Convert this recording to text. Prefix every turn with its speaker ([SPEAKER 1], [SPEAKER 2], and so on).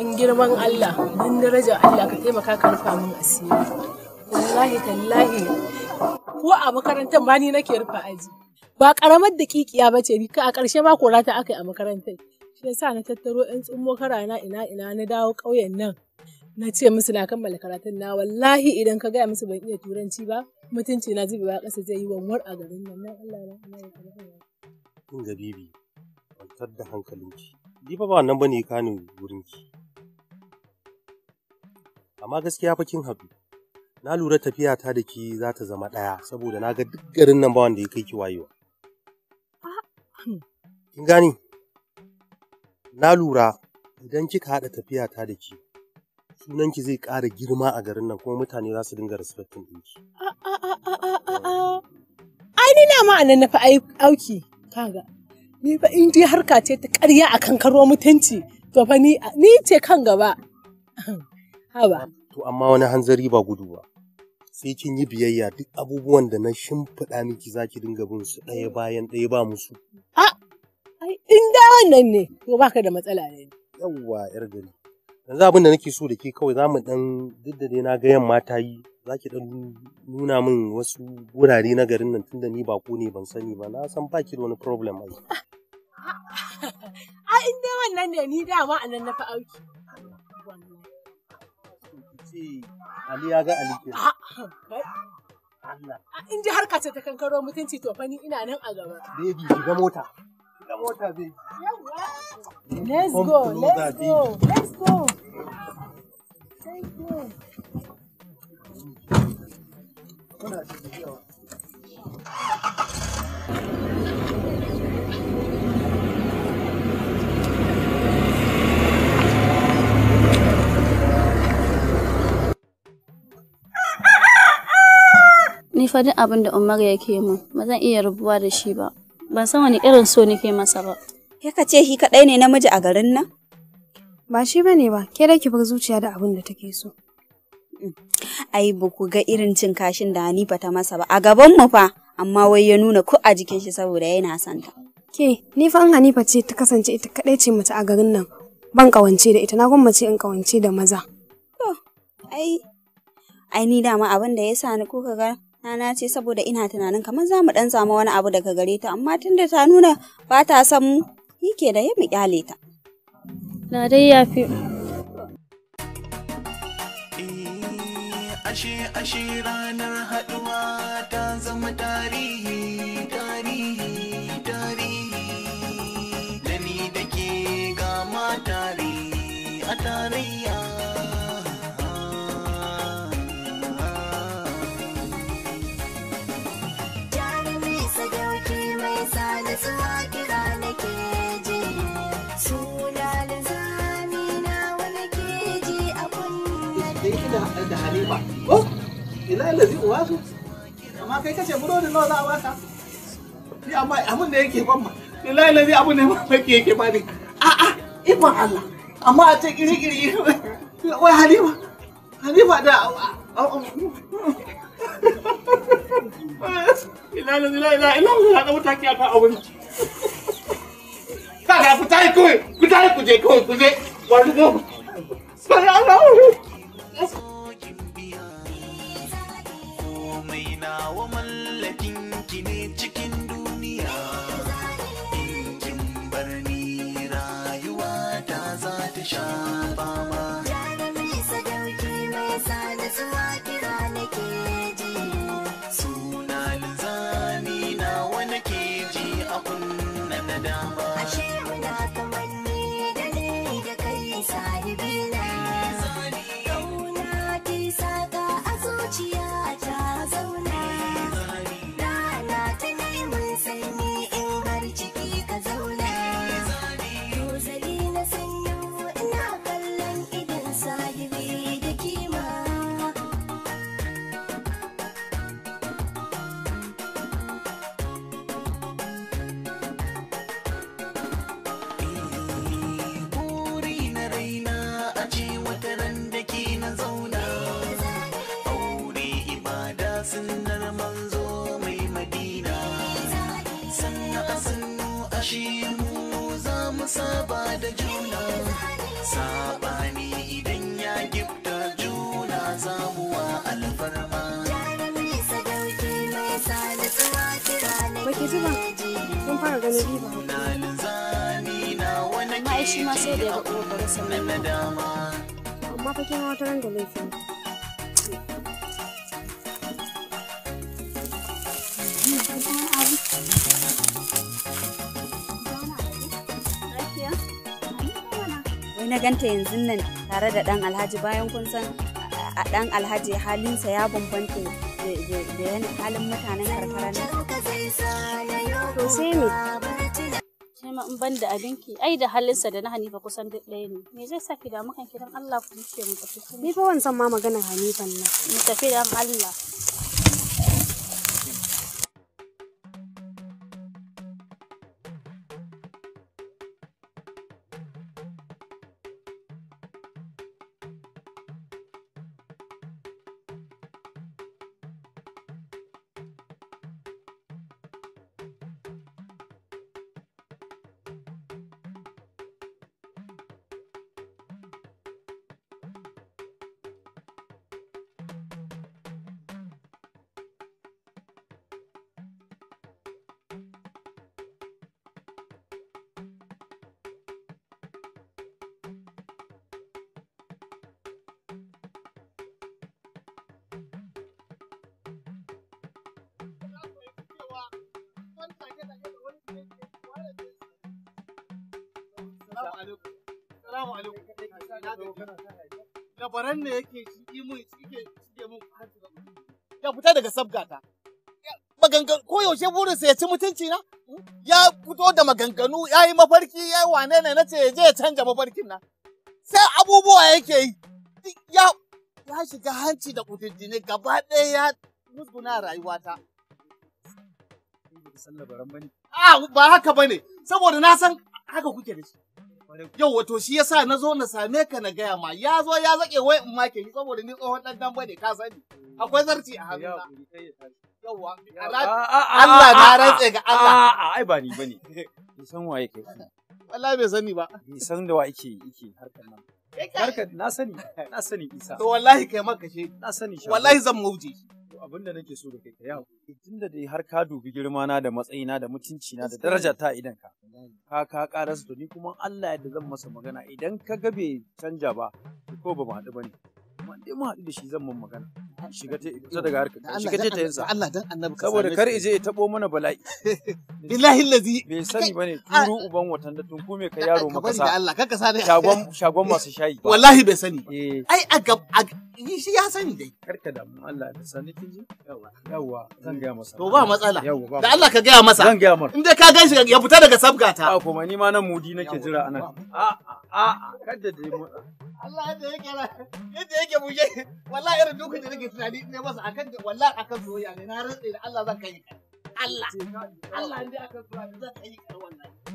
[SPEAKER 1] don girman Allah don darajar Allah ka taimaka ka rufa min asiri wallahi tallahi ko a makarantar ma ni nake rufa aji ba karamar da kikiya ba ce ka a ƙarshe ma kora ta aka yi a makarantar shi yasa na tattaro yan tsummo karana ina ina na dawo ƙauyen nan na ce musu na kammala karatun na wallahi idan ka gaya musu ban iya turanci ba mutunci na zubewa ƙasa zai yi wanwar a garin nan nan Allah na Allah ya karɓa
[SPEAKER 2] kin gabibi kwantar da hankalinki ni fa ba nan bane kanin wurinki amma gaskiya fa kin haɗu na lura tafiya ta da ki za ta zama ɗaya saboda na ga duk garin nan ba wanda ya kai ki wayewa ah, hmm. kin gani na lura idan kika haɗa tafiya ta da ki sunanki zai ƙara girma a garin nan kuma mutane za su dinga respectin ɗinki ah,
[SPEAKER 1] ah, ai ni na anan na ai auki kaga ni fa in dai harka ce ta ƙarya akan karo mutunci to fa ni ce kan gaba Haba.
[SPEAKER 2] To amma wani hanzari ba gudu ba. Sai kin yi biyayya duk abubuwan da na shimfiɗa miki za ki dinga bin su ɗaya mm. bayan ɗaya ba musu.
[SPEAKER 1] A, in da wannan ne, to baka da matsala ne.
[SPEAKER 2] Yawwa, ‘yar gari. Yanzu abin da nake so da ke kawai zamu mu ɗan duk da dai na ga yamma ta yi za ki ɗan nuna min wasu wurare na garin nan tunda ni ko ne ban sani ba na san baki da wani problem ai.
[SPEAKER 1] A inda wannan ne ni dama a nan na fa auki.
[SPEAKER 2] ce Ali ya ga Ali ke. Ah,
[SPEAKER 1] ah, ah, in ji harka ce ta kankaro mutunci to fa ni ina nan a gaba. Baby shiga mota. Shiga mota baby. Let's go, let's go, let's go. Thank you.
[SPEAKER 2] fa duk abin da Umar yake min, ba zan iya rubuwa da shi ba. Ban san wani irin so nake masa ba. Ke ka ce shi kaɗai ne namiji a garin nan?
[SPEAKER 1] Ba shi bane ba, ke da ki bar zuciya da abin da take so.
[SPEAKER 2] Ai ba ku ga irin cin kashin da Hanifa ta masa ba, a gaban mu fa, amma wai ya nuna ku a jikin shi saboda yana
[SPEAKER 1] son ta. Ke, ni fa an Hanifa ce ta kasance ita kaɗai ce mace a garin nan, ban kawance da ita, na gwammace in kawance da maza. To,
[SPEAKER 2] ai, ai ni dama abin da ya sa ni kuka ga Nana ce saboda ina tunanin kamar za mu ɗan samu wani abu daga gare ta, amma da ta nuna ba ta son mu, ni da ya mu kyale ta. Na dai ya fi. Eh, ashe ashe ranar haɗuwa ta zama tarihi tarihi tarihi da ni da ke gama tarihi a tarayya.
[SPEAKER 1] billahi lazi uwa su amma kai kace burodin nawa za a baka ni amma abin da yake ban ma lazi ne ma yake ba ni, a a ibn Allah amma a ce kiri kiri wai halima halima da Ila ila ila ila ila da mutaki akan abin. Kaga ka tayi kawai, ku tayi ku je ku je. wa gaba. Sai Allah.
[SPEAKER 2] nawa mallakinki ki ne cikin duniya in kin bar ni rayuwa ta za ta sha saba da juna sabani idan ya gifta juna zamuwa alfarma Baki zuba, kun fara ganin ma sai da Amma fa kin wata da laifin. Thank you. na ganta yanzu nan tare da dan alhaji bayan kun san a dan alhaji halinsa ya bambanta
[SPEAKER 1] da yana halin mutanen karkara na to sai me sai ma ban da abinki ai da halinsa da na hanifa kusan duk ɗaya ne me zai sa ki damu kidan dan Allah ku ce mu tafi ni
[SPEAKER 2] ba wannan ma maganar hanifan nan mu tafi dan Allah
[SPEAKER 1] Salamu ne yake mun mun Ya fita daga sabgata. maganganu ko yaushe burinsa ya ci mutunci na? Ya fito da maganganu, ya yi mafarki, ya yi wane ne na ce ya je ya canja mafarkin na. Sai abubuwa yake yi. Ya ya shiga hanci da kudindini gaba ɗaya ya musguna rayuwata. Ah, ba haka bane, saboda na san haka kuke da shi. Yau wato shi yasa na zo na same ka na gaya ma ya zo ya zaƙe wai in make saboda ni tsohon ɗan dan bane ka sani. Akwai zarci a hannuna.
[SPEAKER 2] Yawwa ah, ah, ah, Allah na rantse ga Allah. A'a ai ba ni bane. Ni san waye kai. Allah bai sani ba. Ni san da wa yake harkar nan. Harkar na sani na sani Isa. To wallahi kai maka she. Na sani shi. Wallahi zan mauje. to abin da nake so da kai yawo tun da dai har ka dubi girma na da matsayina da mutunci na da daraja ta idan ka ka ka ƙara su ni kuma Allah yadda zan masa magana idan ka ga bai canja ba ko ba mu haɗu bane amma dai mu haɗu da shi zan mun magana shiga te kusa daga harka shiga te ta yinsa
[SPEAKER 1] Allah dan annabi ka saboda kar ije
[SPEAKER 2] ya tabo mana bala'i billahi lazi bai sani bane turu uban watan da tun kume ka yaro maka sa Allah kanka sa dai shagon shagon masu shayi wallahi bai sani eh. ai a gab shi ya sani dai karka da mu Allah da sani kin ji yawa yawa zan ga masa to ba matsala da Allah ka ga masa zan ga masa in dai ka ganshi ya fita daga sabgata a kuma ni ma nan mudi nake jira anan a'a A'a, kada da mu.
[SPEAKER 1] Allah da yake la, yadda yake buje, wallahi irin duka da nake tunani ne masa akan wallahi akan soyayya ne na rantsa da Allah zan kai. Allah. Allah inda akan soyayya zan kai wallahi.